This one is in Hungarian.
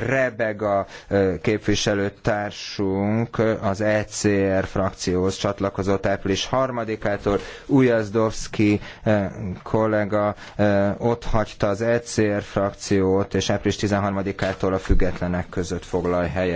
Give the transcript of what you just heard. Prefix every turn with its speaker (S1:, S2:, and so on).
S1: Rebeg a képviselőtársunk az ECR frakcióhoz csatlakozott április 3-ától. Ujazdowski kollega ott hagyta az ECR frakciót, és április 13-ától a függetlenek között foglal helyet.